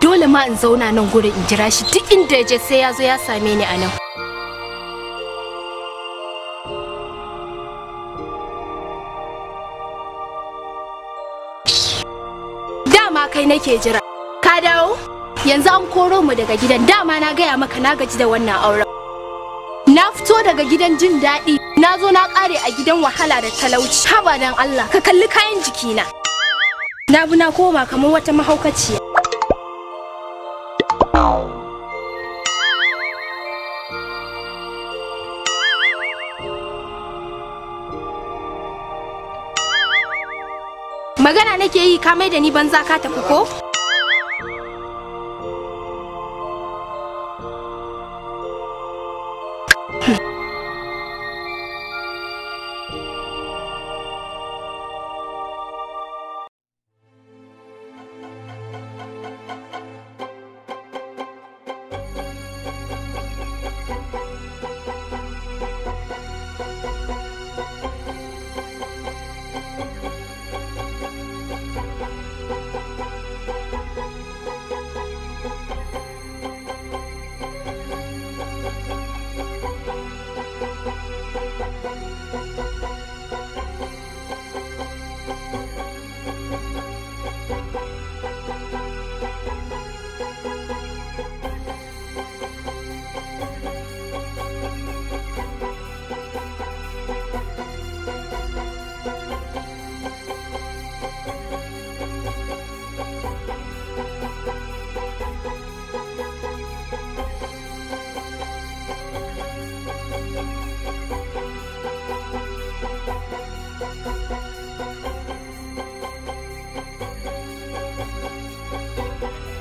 Dole ma in zauna nan gurin in jira shi duk inda ya je sai ya zo ya same ni a nan. Dama kai nake jira. Ka dawo? Yanzu an koro mu daga gidan dama na gaya maka na gaji da wannan auren. Na fito daga gidan jin daɗi, na zo na ƙare a gidan wahala da talauci. Haba don Allah, ka kalli kayan jikina. na bi na koma kamar wata mahaukaciya magana nake yi ka mai da ni banza ka tafi ko Hmm.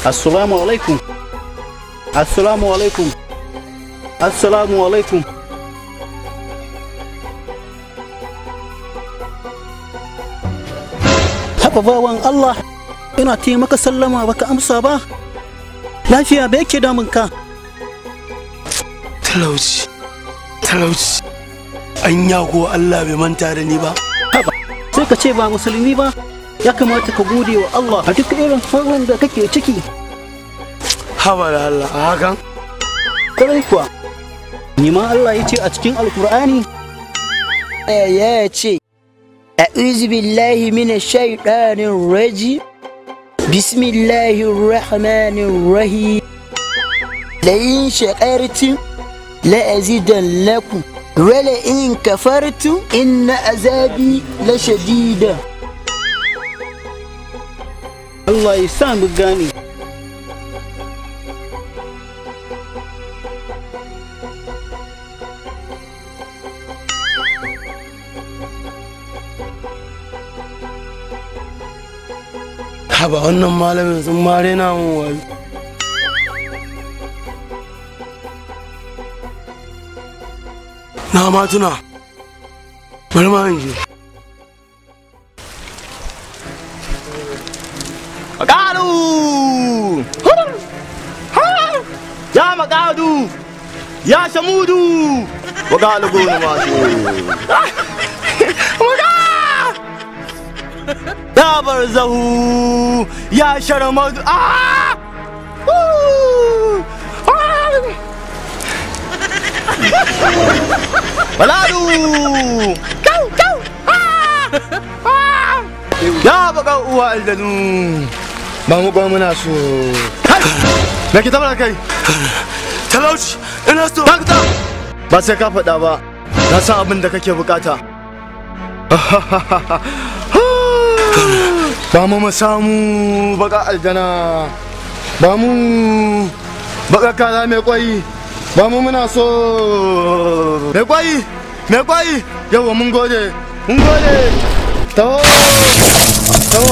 Assalamu alaikum. Assalamu alaikum. Assalamu alaikum. Haba bawan Allah, ina ta maka sallama baka amsa ba. Lafiya ba yake damunka. Talauci, talauci, an yago Allah bai manta da ni ba. Haba, sai ka ce ba musulmi ba. ya kamata ka gode wa Allah a duk irin farin da kake ciki. Habar Allah a hakan? Kwarai kuwa, nima Allah ya ce a cikin Alkur'ani? Ya eh, ya ce, a billahi mina shaiɗanin raji, bismillahir rahmanir rahi, layin shaƙartin la'azi da laku, wale in kafartu inna azabi la shadida. الله يسام بقاني هبا انهم مالهم ثم اول ناماتنا ما انجي Makalu! Ya Makadu! Ya Shamudu! Makalu Ya Sharamadu! Ah! Go, go! Ah! Ah! Ya uwa aljanu! ba mu ba muna so me ke tabar kai talauci ina so dakta ba sai ka faɗa ba na san abin da kake bukata ba mu mu samu baka aljana ba mu baka kaza mai kwai ba mu muna so mai kwai mai kwai yawa mun gode mun gode taho taho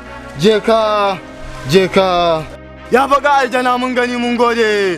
je ka ya faga aljana mun gani mun gode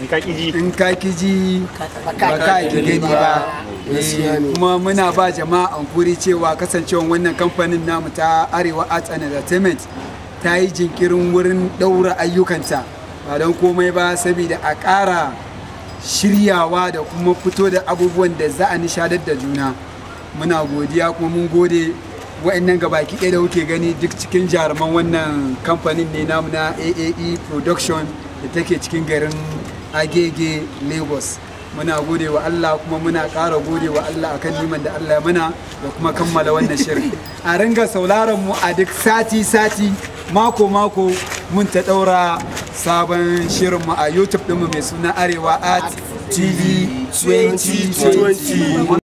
in ka kiji ba gani ba kuma muna ba jama'a hankuri cewa kasancewan wannan kamfanin namu ta arewa arts and entertainment ta yi jinkirin wurin ɗaura ayyukanta ba don komai ba saboda a ƙara shiryawa da kuma fito da abubuwan da za a nishadar da juna muna godiya kuma mun gode wa'annan gabaki ɗaya da kuke gani duk cikin jaruman wannan kamfanin ne namu na AAE production da take cikin garin agege lagos muna gode wa Allah kuma muna kara gode wa Allah akan niman da Allah muna da kuma kammala wannan shirin a ringa sauraron mu a duk sati sati mako mako mun ta ɗaura sabon shirin mu a youtube ɗinmu mai suna arewa at tv 2020